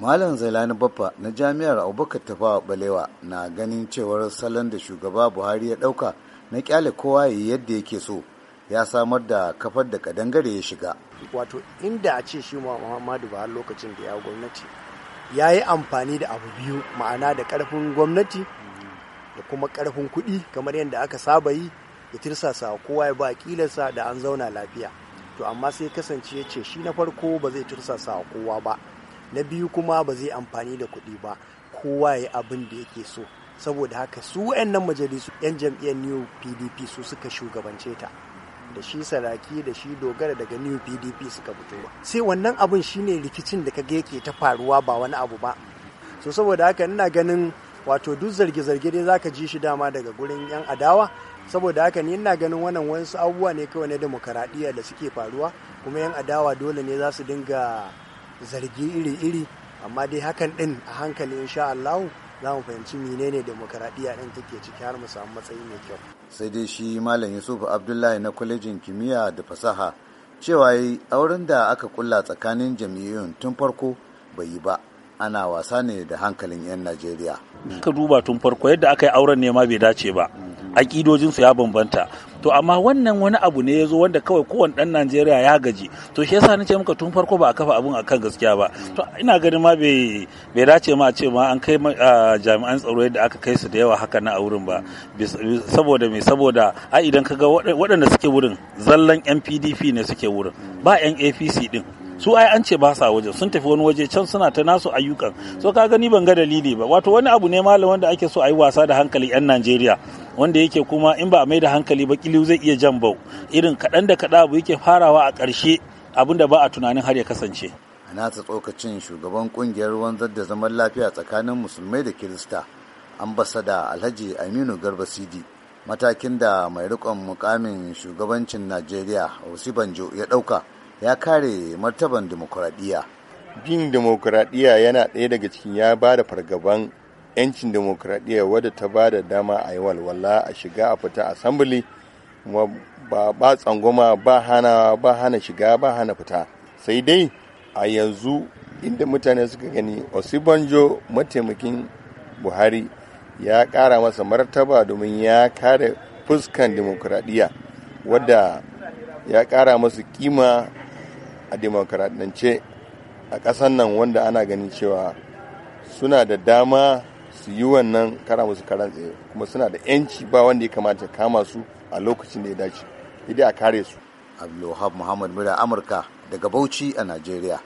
Malam Zailani Baffa na Jami'ar Abubakar Tafawa Balewa na ganin cewar salon da shugaba Buhari ya ɗauka na kyale kowa ya yadda yake so ya samar da kafar da kadangare ya shiga. Wato inda a ce shi Muhammadu Buhari lokacin da ya gwamnati ya yi amfani da abu biyu ma'ana da karfin gwamnati da kuma karfin kuɗi kamar yadda aka saba yi da tirsasa kowa ya ba kilarsa da an zauna lafiya. To amma sai kasance ya ce shi na farko ba zai tirsasa kowa ba. na biyu kuma ba zai amfani da kuɗi ba kowa ya abin da yake so saboda haka su wayannan majalisu 'yan jam'iyyar new pdp su suka shugabance ta da shi saraki da shi dogara daga new pdp suka fito sai wannan abin shine rikicin da kaga yake ta faruwa ba wani abu ba so saboda haka ina ganin wato duk zarge-zarge dai zaka ji shi dama daga gurin 'yan adawa saboda haka ni ina ganin wannan wasu abubuwa ne kawai na demokaradiyya da suke faruwa kuma 'yan adawa dole ne za su dinga zargi iri-iri amma dai hakan din a hankali insha Allah za mu fahimci menene demokaradiyya din take ciki har mu samu matsayi mai kyau sai dai shi malam Yusuf Abdullahi na kwalejin kimiyya da fasaha cewa yi auren da aka kulla tsakanin jam'iyyun tun farko bai yi ba ana wasa ne da hankalin 'yan Najeriya. Ka duba tun farko yadda aka yi auren ne ma bai dace ba. aƙidojinsu ya bambanta to amma wannan wani abu ne ya zo wanda kawai kowane ɗan najeriya ya gaji to shi yasa nace muka tun farko ba a kafa abun akan gaskiya ba to ina ganin ma bai bai dace ma a ce ma an kai jami'an tsaro yadda aka kai su da yawa haka na a wurin ba saboda me saboda a idan ka ga waɗanda suke wurin zallan yan pdp ne suke wurin ba yan apc din su ai an ce ba sa wajen sun tafi wani waje can suna ta nasu ayyukan so ka gani ban ga dalili ba wato wani abu ne malam wanda ake so a yi wasa da hankali yan Najeriya wanda yake kuma in ba a mai da hankali ba kiliu zai iya jan bau irin kaɗan da kaɗa abu yake farawa a ƙarshe abin da ba a tunanin har ya kasance. A nasa tsokacin shugaban kungiyar wanzar da zaman lafiya tsakanin musulmai da kirista ambasada alhaji aminu garba sidi matakin da mai rikon mukamin shugabancin najeriya osibanjo ya ɗauka ya kare martaban demokuraɗiyya. bin demokuraɗiyya yana ɗaya daga cikin ya ba da fargaban 'yancin demokuraɗiyya wadda ta ba da dama a yi walwala a shiga a fita asambili ba ba tsangwama ba hana ba hana shiga ba hana fita sai dai a yanzu inda mutane suka gani osibanjo mataimakin buhari ya kara masa martaba domin ya kare fuskan demokuraɗiyya wadda ya ƙara masa kima a demokaradance a ƙasan nan wanda ana ganin cewa suna da dama su yi wannan kara musu karan tsaye kuma suna da yanci ba wanda ya kamata kama su a lokacin da ya dace idai a kare su abdulwahab muhammad mura amurka daga bauchi a najeriya